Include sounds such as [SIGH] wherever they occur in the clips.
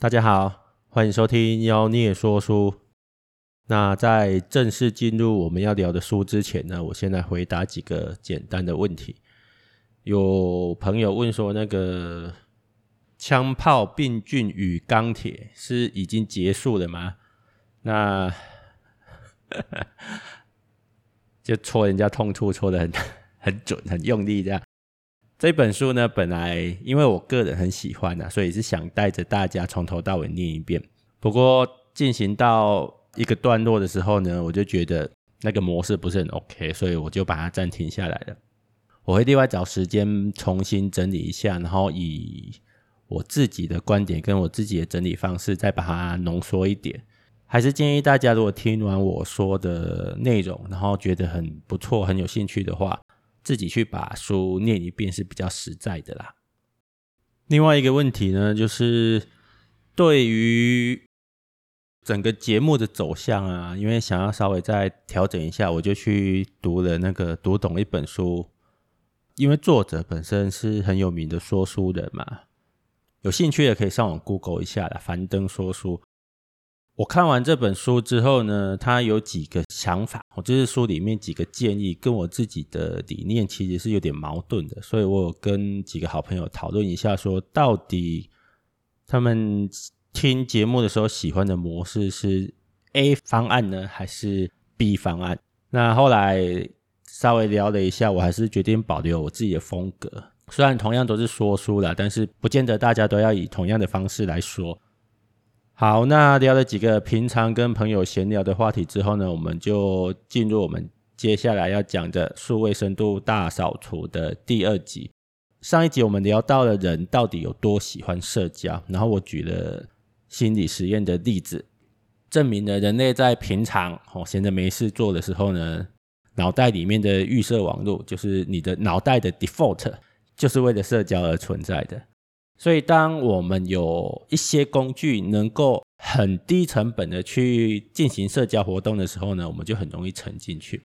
大家好，歡迎收聽妖孽說書。那在正式進入我們要聊的書之前呢，我先來回答幾個簡單的問題。有朋友問說，那個槍炮、病菌與鋼鐵是已經結束了嗎？那， [LAUGHS] 就戳人家痛處，戳的很 [LAUGHS] 很準，很用力這樣。這本書呢，本來因為我個人很喜歡吶、啊，所以是想帶着大家從頭到尾念一遍。不過進行到一個段落的時候呢，我就覺得那個模式不是很 OK，所以我就把它暫停下來了。我會另外找時間重新整理一下，然後以我自己的觀點跟我自己的整理方式再把它濃縮一點。還是建議大家，如果聽完我說的內容，然後覺得很不錯、很有興趣的話，自己去把書念一遍是比較實在的啦。另外一個問題呢，就是對於整個節目的走向啊，因為想要稍微再調整一下，我就去讀了那個《讀懂一本書》，因為作者本身是很有名的說書人嘛，有興趣的可以上網 Google 一下啦，樊登說書。我看完這本書之後呢，他有幾個想法，我就是書裡面幾個建議，跟我自己的理念其實是有點矛盾的，所以我跟幾個好朋友討論一下說，說到底他們聽節目的時候喜歡的模式是 A 方案呢，還是 B 方案？那後來稍微聊了一下，我還是決定保留我自己的風格，雖然同樣都是說書啦，但是不見得大家都要以同樣的方式來說。好，那聊了幾個平常跟朋友閒聊的話題之後呢，我們就進入我們接下來要講的數位深度大掃除的第二集。上一集我們聊到了人到底有多喜歡社交，然後我舉了心理實驗的例子，證明了人類在平常，哦，閒着沒事做的時候呢，腦袋裡面的預設網絡，就是你的腦袋的 default，就是為了社交而存在的。所以，當我們有一些工具能夠很低成本的去進行社交活動的時候呢，我們就很容易沉進去。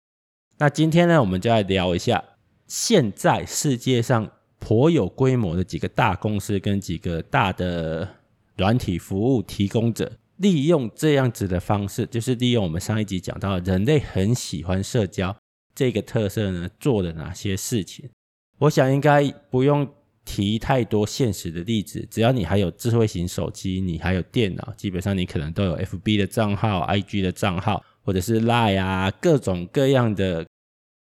那今天呢，我們就來聊一下現在世界上頗有規模的幾個大公司跟幾個大的軟體服務提供者，利用這樣子的方式，就是利用我們上一集講到的人類很喜歡社交這個特色呢，做了哪些事情？我想應該不用。提太多現實的例子，只要你還有智慧型手機，你還有電腦，基本上你可能都有 FB 的賬號、IG 的賬號，或者是 Line 啊，各種各樣的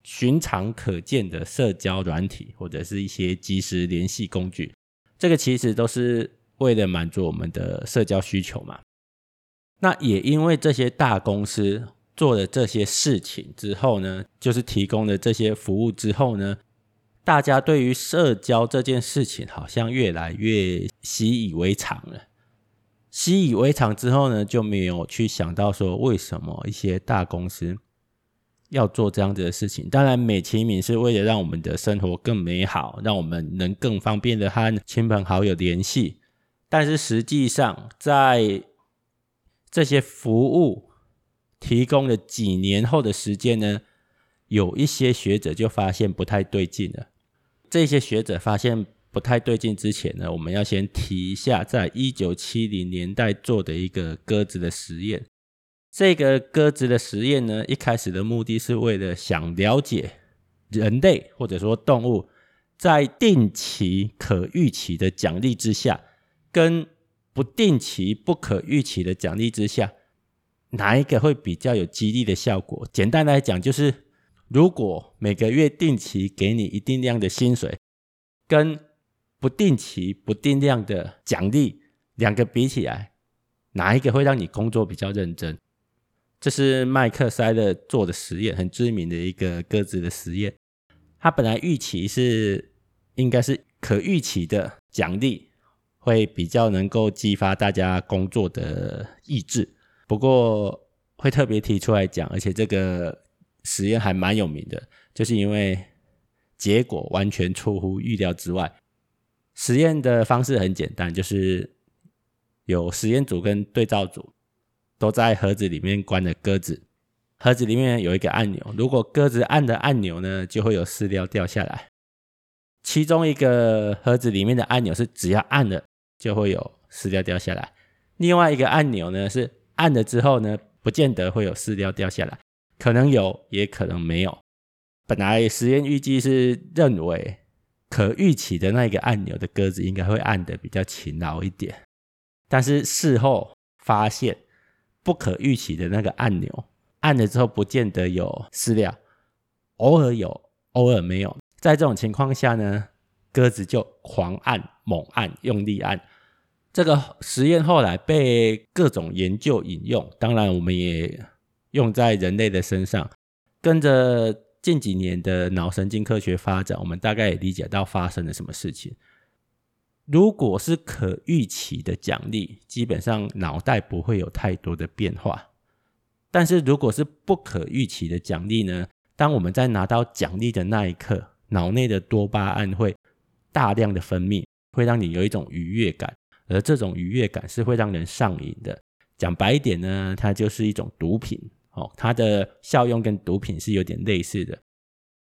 尋常可見的社交軟體，或者是一些即時聯繫工具。這個其實都是為了滿足我們的社交需求嘛。那也因為這些大公司做了這些事情之後呢，就是提供了這些服務之後呢。大家對於社交這件事情好像越來越習以為常了。習以為常之後呢，就沒有去想到說為什麼一些大公司要做這樣子的事情。當然，美其名是為了讓我們的生活更美好，讓我們能更方便的和親朋好友聯繫。但是實際上，在這些服務提供了幾年後的時間呢，有一些學者就發現不太對勁了。這些學者發現不太對勁之前呢，我們要先提一下，在一九七零年代做的一個鴿子的實驗。這個鴿子的實驗呢，一開始的目的是為了想了解人類或者說動物，在定期可預期的獎勵之下，跟不定期不可預期的獎勵之下，哪一個會比較有激勵的效果？簡單來講就是。如果每個月定期給你一定量的薪水，跟不定期、不定量的獎勵兩個比起來，哪一個會讓你工作比較認真？這是麥克塞勒做的實驗，很知名的一個鴿子的實驗。他本來預期是應該是可預期的獎勵會比較能夠激發大家工作的意志，不過會特別提出來講，而且這個。實驗還蠻有名的，就是因為結果完全出乎預料之外。實驗的方式很簡單，就是有實驗組跟對照組，都在盒子裡面關着鴿子。盒子裡面有一個按鈕，如果鴿子按的按鈕呢，就會有飼料掉下來。其中一個盒子裡面的按鈕是只要按了就會有飼料掉下來，另外一個按鈕呢，是按了之後呢，不見得會有飼料掉下來。可能有，也可能沒有。本來實驗預計是認為可預期的那一個按鈕的鴿子應該會按得比較勤勞一點，但是事後發現不可預期的那個按鈕按了之後不見得有飼料，偶爾有，偶爾沒有。在這種情況下呢，鴿子就狂按、猛按、用力按。這個實驗後來被各種研究引用，當然我們也。用在人類的身上，跟着近幾年的腦神經科學發展，我們大概也理解到發生了什麼事情。如果是可預期的獎勵，基本上腦袋不會有太多的變化。但是如果是不可預期的獎勵呢？當我們在拿到獎勵的那一刻，腦內的多巴胺會大量的分泌，會讓你有一種愉悅感，而這種愉悅感是會讓人上癮的。講白一點呢，它就是一種毒品。哦，它的效用跟毒品是有點類似的。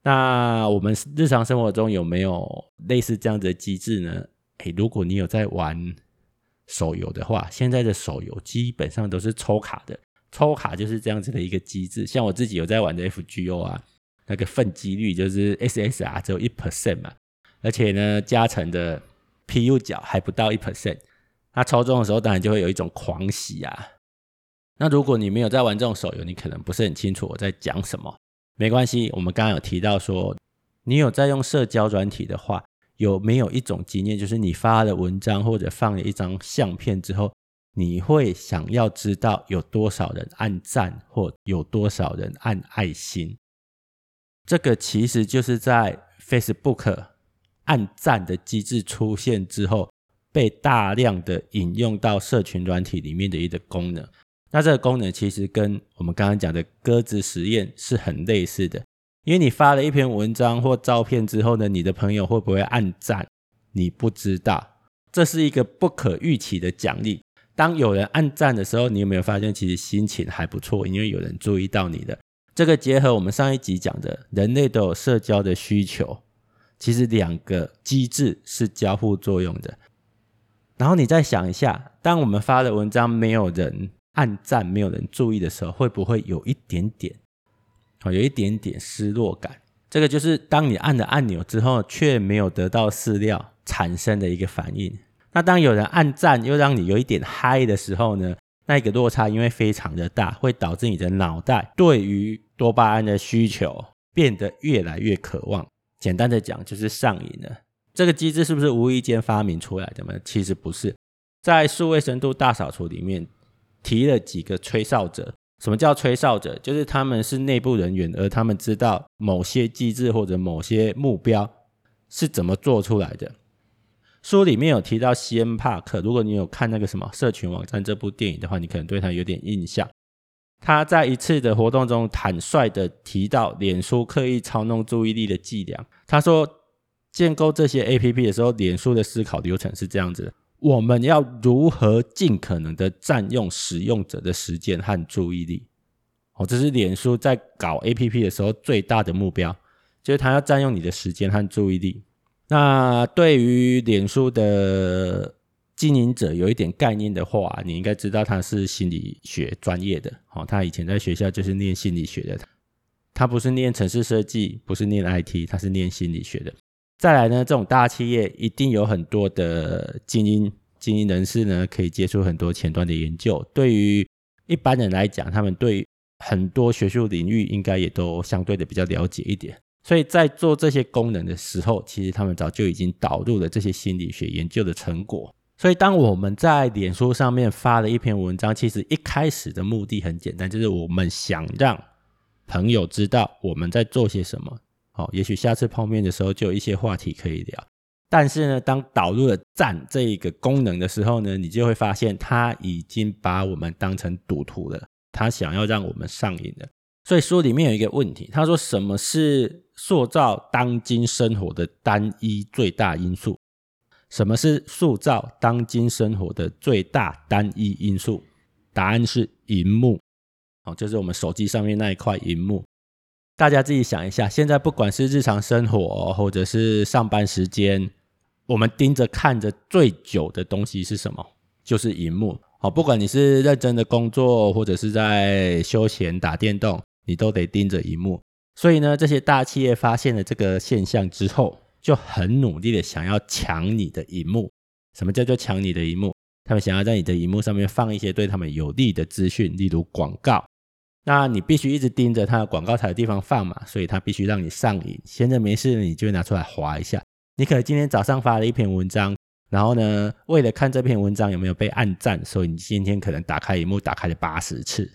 那我們日常生活中有沒有類似這樣子的機制呢？誒、欸，如果你有在玩手遊的話，現在的手遊基本上都是抽卡的，抽卡就是這樣子的一個機制。像我自己有在玩的 FGO 啊，那個分幾率就是 SSR 只有一 percent 嘛，而且呢，加成的 PU 角還不到一 percent，那抽中的時候當然就會有一種狂喜啊。那如果你沒有在玩這種手遊，你可能不是很清楚我在講什麼。沒關係，我們剛剛有提到說，你有在用社交軟體的話，有沒有一種經驗，就是你發了文章或者放了一張相片之後，你會想要知道有多少人按讚或有多少人按愛心？這個其實就是在 Facebook 按讚的機制出現之後，被大量的引用到社群軟體裡面的一個功能。那這個功能其實跟我們剛剛講的鴿子實驗是很類似的，因為你發了一篇文章或照片之後呢，你的朋友會不會按讚？你不知道，這是一個不可預期的獎勵。當有人按讚的時候，你有沒有發現其實心情還不錯？因為有人注意到你的。這個結合我們上一集講的人類都有社交的需求，其實兩個機制是交互作用的。然後你再想一下，當我們發的文章沒有人按讚沒有人注意的時候，會不會有一點點，好，有一點點失落感？這個就是當你按了按鈕之後，卻沒有得到飼料產生的一個反應。那當有人按讚又讓你有一點嗨的時候呢？那個落差因為非常的大，會導致你的腦袋對於多巴胺的需求變得越來越渴望。簡單的講，就是上癮了。這個機制是不是無意間發明出來的嗎？其實不是，在數位深度大掃除裡面。提了幾個吹哨者，什麼叫吹哨者？就是他們是內部人員，而他們知道某些機制或者某些目標是怎麼做出來的。書裡面有提到西恩·帕克，如果你有看那個什麼社群網站這部電影的話，你可能對他有點印象。他在一次的活動中坦率的提到臉書刻意操弄注意力的伎倆。他說，建構這些 APP 的時候，臉書的思考流程是這樣子。我們要如何盡可能的占用使用者的時間和注意力？哦，這是臉書在搞 APP 的時候最大的目標，就是他要占用你的時間和注意力。那對於臉書的經營者有一點概念的話，你應該知道他是心理學專業的。哦，他以前在學校就是念心理學的，他不是念程式設計，不是念 IT，他是念心理學的。再來呢，這種大企業一定有很多的精英精英人士呢，可以接觸很多前端的研究。對於一般人來講，他們對很多學術領域應該也都相對的比較了解一點。所以在做這些功能的時候，其實他們早就已經導入了這些心理學研究的成果。所以當我們在臉書上面發了一篇文章，其實一開始的目的很簡單，就是我們想讓朋友知道我們在做些什麼。哦，也許下次碰面的時候就有一些話題可以聊。但是呢，當導入了讚這一個功能的時候呢，你就會發現，他已經把我們當成賭徒了，他想要讓我們上癮了。所以書裡面有一個問題，他說，什麼是塑造當今生活的單一最大因素？什麼是塑造當今生活的最大單一因素？答案是螢幕。哦，就是我們手機上面那一塊螢幕。大家自己想一下，現在不管是日常生活，或者是上班時間，我們盯着看着最久的東西是什麼？就是螢幕。好，不管你是認真的工作，或者是在休閒打電動，你都得盯着螢幕。所以呢，這些大企業發現了這個現象之後，就很努力的想要搶你的螢幕。什麼叫做搶你的螢幕？他們想要在你的螢幕上面放一些對他們有利的資訊，例如廣告。那你必須一直盯着它的廣告才有地方放嘛，所以它必須讓你上癮。閒着沒事，你就拿出來滑一下。你可能今天早上發了一篇文章，然後呢，為了看這篇文章有沒有被按讚，所以你今天可能打開熒幕打開了八十次。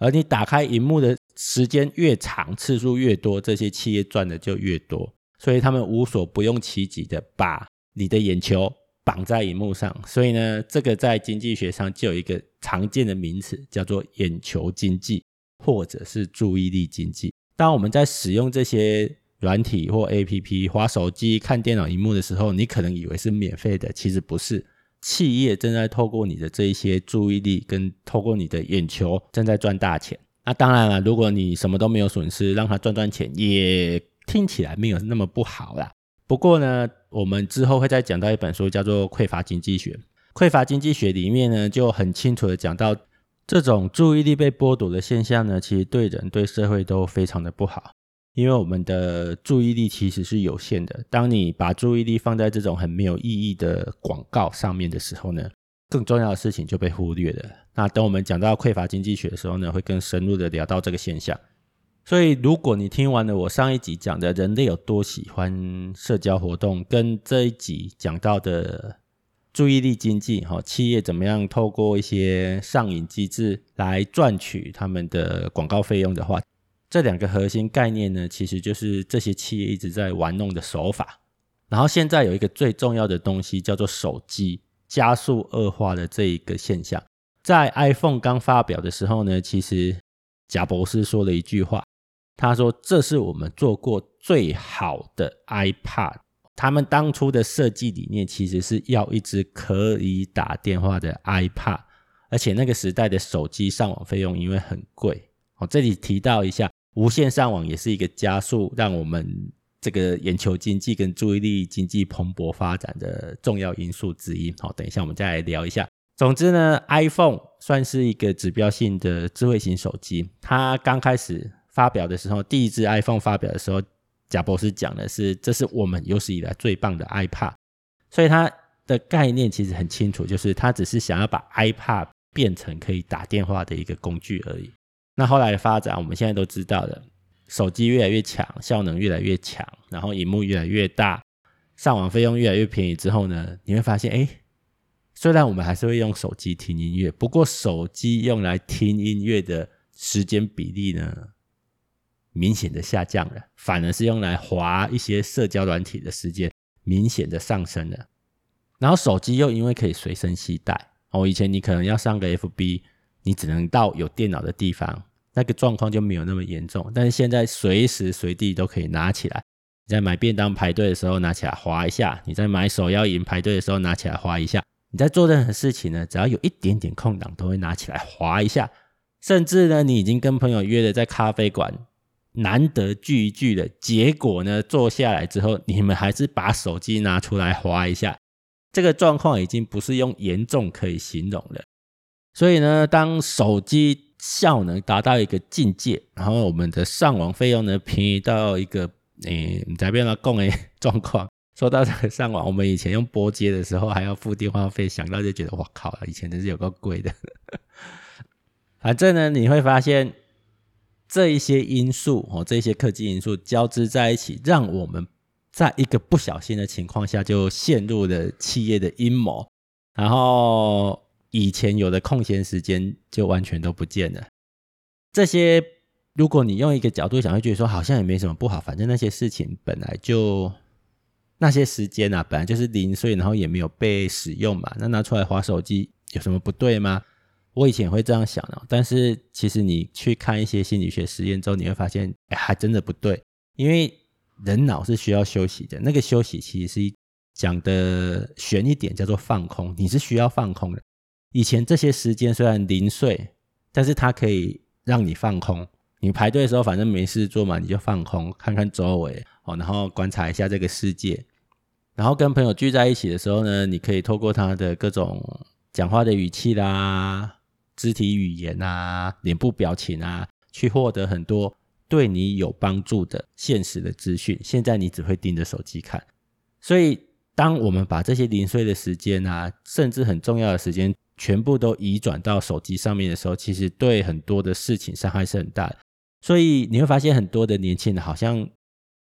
而你打開熒幕的時間越長，次數越多，這些企業賺的就越多。所以他們無所不用其極的把你的眼球綁在熒幕上。所以呢，這個在經濟學上就有一個常見的名詞，叫做眼球經濟。或者是注意力經濟。當我們在使用這些軟體或 APP、滑手機、看電腦熒幕的時候，你可能以為是免費的，其實不是。企業正在透過你的這一些注意力，跟透過你的眼球，正在賺大錢。那當然了，如果你什麼都沒有損失，讓它賺賺錢，也聽起來沒有那麼不好啦。不過呢，我們之後會再講到一本書，叫做《匱乏經濟學》。《匱乏經濟學》裡面呢，就很清楚的講到。這種注意力被剝奪的現象呢，其實對人、對社會都非常的不好，因為我們的注意力其實是有限的。當你把注意力放在這種很沒有意義的廣告上面的時候呢，更重要的事情就被忽略了。那等我們講到匱乏經濟學的時候呢，會更深入的聊到這個現象。所以，如果你聽完了我上一集講的人類有多喜歡社交活動，跟這一集講到的。注意力經濟，哈，企業怎麼樣透過一些上癮機制來賺取他們的廣告費用的話，這兩個核心概念呢，其實就是這些企業一直在玩弄的手法。然後現在有一個最重要的東西叫做手機加速惡化的這一個現象。在 iPhone 剛發表的時候呢，其實賈伯斯說了一句話，他說這是我們做過最好的 iPad。他們當初的設計理念其實是要一支可以打電話的 iPad，而且那個時代的手機上網費用因為很貴。哦，這裡提到一下，無線上網也是一個加速讓我們這個眼球經濟跟注意力經濟蓬勃發展的重要因素之一。好，等一下我們再來聊一下。總之呢，iPhone 算是一個指標性的智慧型手機，它剛開始發表的時候，第一支 iPhone 發表的時候，賈博士講的是，這是我們有史以來最棒的 iPod，所以它的概念其實很清楚，就是他只是想要把 iPod 變成可以打電話的一個工具而已。那後來的發展，我們現在都知道了，手機越來越強，效能越來越強，然後螢幕越來越大，上網費用越來越便宜之後呢，你會發現，誒，雖然我們還是會用手機聽音樂，不過手機用來聽音樂的時間比例呢，明顯的下降了，反而是用來滑一些社交軟體的時間明顯的上升了。然後手機又因為可以隨身攜帶，哦，以前你可能要上個 FB，你只能到有電腦的地方，那個狀況就沒有那麼嚴重。但是現在隨時隨地都可以拿起來，你在買便當排隊的時候拿起來滑一下，你在買手搖飲排隊的時候拿起來滑一下，你在做任何事情呢，只要有一點點空檔都會拿起來滑一下。甚至呢，你已經跟朋友約了在咖啡館。難得聚一聚的，結果呢，坐下來之後，你們還是把手機拿出來滑一下。這個狀況已經不是用嚴重可以形容的。所以呢，當手機效能達到一個境界，然後我們的上網費用呢，便宜到一個，嗯，改變了供應狀況。說到這個上網，我們以前用撥接的時候還要付電話費，想到就覺得哇，靠，以前真是有夠貴的。反正呢，你會發現。這一些因素哦，這一些科技因素交織在一起，讓我們在一個不小心的情況下就陷入了企業的陰謀，然後以前有的空閒時間就完全都不見了。這些如果你用一個角度想，會覺得說好像也沒什麼不好，反正那些事情本來就，那些時間啊，本來就是零，所以然後也沒有被使用嘛，那拿出來滑手機有什麼不對嗎？我以前也會這樣想的，但是其實你去看一些心理學實驗之後，你會發現，哎，還真的不對，因為人腦是需要休息的。那個休息其實是一講得玄一點，叫做放空，你是需要放空的。以前這些時間雖然零碎，但是它可以讓你放空。你排隊的時候，反正沒事做嘛，你就放空，看看周圍哦，然後觀察一下這個世界。然後跟朋友聚在一起的時候呢，你可以透過他的各種講話的語氣啦。肢體語言啊，臉部表情啊，去獲得很多對你有幫助的現實的資訊。現在你只會盯着手機看，所以當我們把這些零碎的時間啊，甚至很重要的時間，全部都移轉到手機上面的時候，其實對很多的事情傷害是很大的。所以你會發現很多的年輕人好像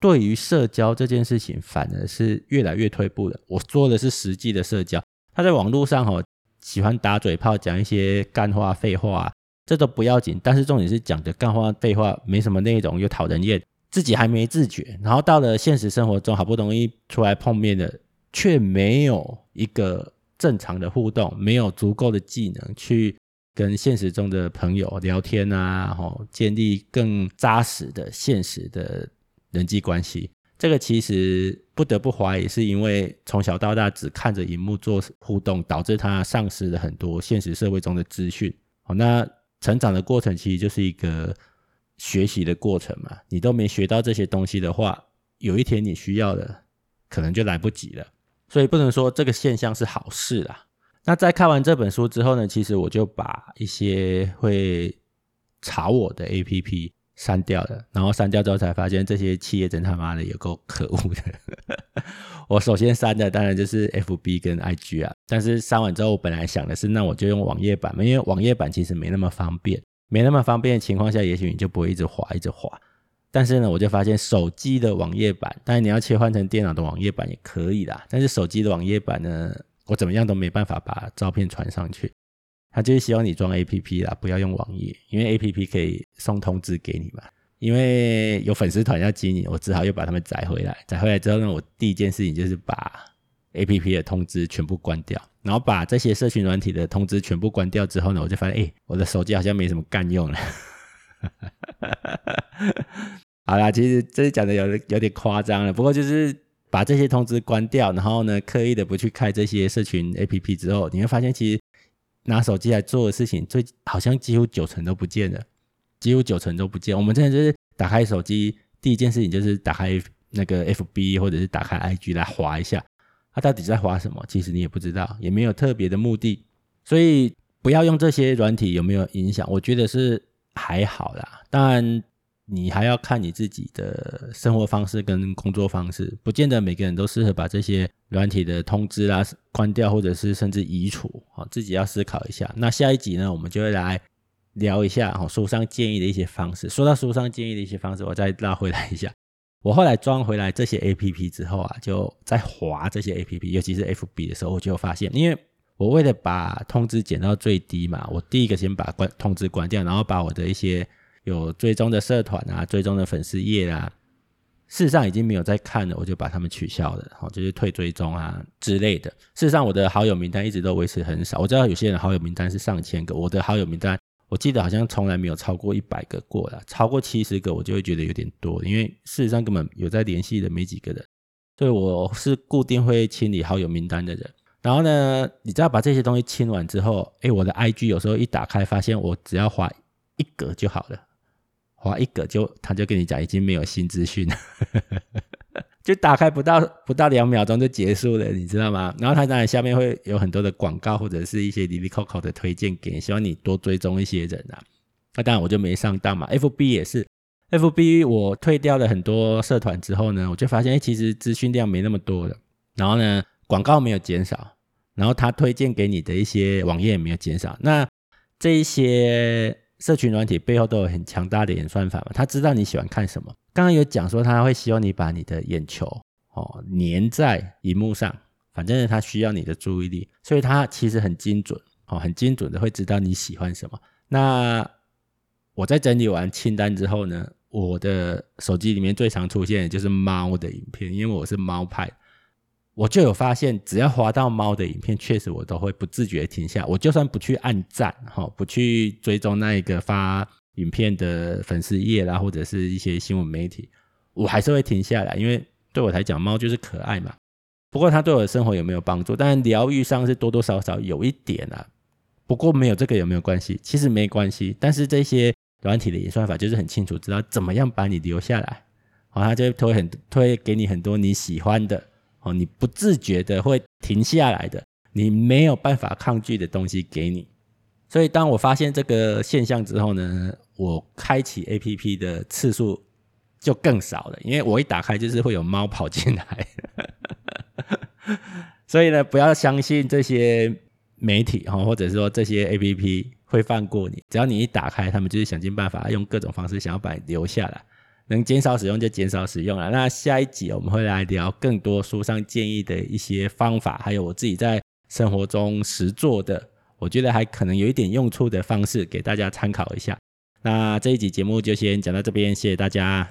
對於社交這件事情，反而是越來越退步了。我做的是實際的社交，他在網絡上，哦喜歡打嘴炮，講一些幹話、廢話，這都不要緊。但是重點是講的幹話、廢話沒什麼內容，又討人厭，自己還沒自覺。然後到了現實生活中，好不容易出來碰面的，卻沒有一個正常的互動，沒有足夠的技能去跟現實中的朋友聊天啊，然後建立更扎實的現實的人際關係。這個其實。不得不懷疑，是因為從小到大只看着熒幕做互動，導致他喪失了很多現實社會中的資訊。哦，那成長的過程其實就是一個學習的過程嘛。你都沒學到這些東西的話，有一天你需要的可能就來不及了。所以不能說這個現象是好事啦。那在看完這本書之後呢，其實我就把一些會查我的 APP。刪掉了，然後刪掉之後才發現這些企業真他媽的有夠可惡的。 [LAUGHS] 我首先刪的當然就是 FB 跟 IG 啊，但是刪完之後我本來想的是，那我就用網頁版嘛，因為網頁版其實沒那麼方便，沒那麼方便的情況下，也許你就不會一直滑一直滑。但是呢，我就發現手機的網頁版，當然你要切換成電腦的網頁版也可以啦，但是手機的網頁版呢，我怎麼樣都沒辦法把照片傳上去。他就是希望你裝 A P P 啦，不要用網頁，因為 A P P 可以送通知給你嘛。因為有粉絲團要接你，我只好又把他們載回來。載回來之後呢，我第一件事情就是把 A P P 的通知全部關掉，然後把這些社群軟體的通知全部關掉之後呢，我就發現，哎、欸，我的手機好像沒什麼干用了。哈哈哈哈哈。好啦，其實這是講的有有點誇張了，不過就是把這些通知關掉，然後呢，刻意的不去開這些社群 A P P 之後，你會發現其實。拿手機來做的事情最，最好像幾乎九成都不見了，幾乎九成都不見。我們真的就是打開手機，第一件事情就是打開那個 F B 或者是打開 I G 來滑一下，他、啊、到底在滑什麼？其實你也不知道，也沒有特別的目的，所以不要用這些軟體有沒有影響？我覺得是還好啦。當然。你還要看你自己的生活方式跟工作方式，不見得每個人都適合把這些軟體的通知啊關掉，或者是甚至移除，好，自己要思考一下。那下一集呢，我們就會來聊一下書上建議的一些方式。說到書上建議的一些方式，我再拉回來一下。我後來裝回來這些 APP 之後啊，就在滑這些 APP，尤其是 FB 的時候，我就發現，因為我為了把通知減到最低嘛，我第一個先把關通知關掉，然後把我的一些。有追蹤的社團啊，追蹤的粉絲頁啊，事實上已經沒有在看了，我就把他們取消了，好，就是退追蹤啊之類的。事實上，我的好友名單一直都維持很少。我知道有些人好友名單是上千個，我的好友名單，我記得好像從來沒有超過一百個過了，超過七十個我就會覺得有點多，因為事實上根本有在聯繫的沒幾個人。所以我是固定會清理好友名單的人。然後呢，你知道把這些東西清完之後，誒、欸，我的 IG 有時候一打開發現，我只要劃一格就好了。哇，一個就，他就跟你講已經沒有新資訊了， [LAUGHS] 就打開不到不到兩秒鐘就結束了，你知道嗎？然後他當然下面會有很多的廣告或者是一些哩哩扣扣的推薦給你，希望你多追蹤一些人啊。那、啊、當然我就沒上當嘛。F B 也是，F B 我退掉了很多社團之後呢，我就發現、欸、其實資訊量沒那麼多了，然後呢廣告沒有減少，然後他推薦給你的一些網頁沒有減少，那這一些。社群軟體背後都有很強大的演算法嘛，他知道你喜歡看什麼。剛剛有講說他會希望你把你的眼球哦黏在螢幕上，反正他需要你的注意力，所以他其實很精準哦，很精準的會知道你喜歡什麼。那我在整理完清單之後呢，我的手機裡面最常出現的就是貓的影片，因為我是貓派。我就有發現，只要滑到貓的影片，確實我都會不自覺停下。我就算不去按讚，哈、哦，不去追蹤那一個發影片的粉絲頁啦，或者是一些新聞媒體，我還是會停下來，因為對我來講，貓就是可愛嘛。不過它對我的生活有沒有幫助？當然，療癒上是多多少少有一點啊。不過沒有這個有沒有關係？其實沒關係。但是這些軟體的演算法就是很清楚，知道怎麼樣把你留下來，好、哦，他就會推很推給你很多你喜歡的。哦，你不自覺的會停下來的，你沒有辦法抗拒的東西給你。所以，當我發現這個現象之後呢，我開啟 APP 的次數就更少了，因為我一打開就是會有貓跑進來。 [LAUGHS] 所以呢，不要相信這些媒體哈，或者是說這些 APP 會放過你，只要你一打開，他們就是想盡辦法用各種方式想要把你留下來。能減少使用就減少使用啦。那下一集我們會來聊更多書上建議的一些方法，還有我自己在生活中實做的，我覺得還可能有一點用處的方式，給大家參考一下。那這一集節目就先講到這邊，謝謝大家。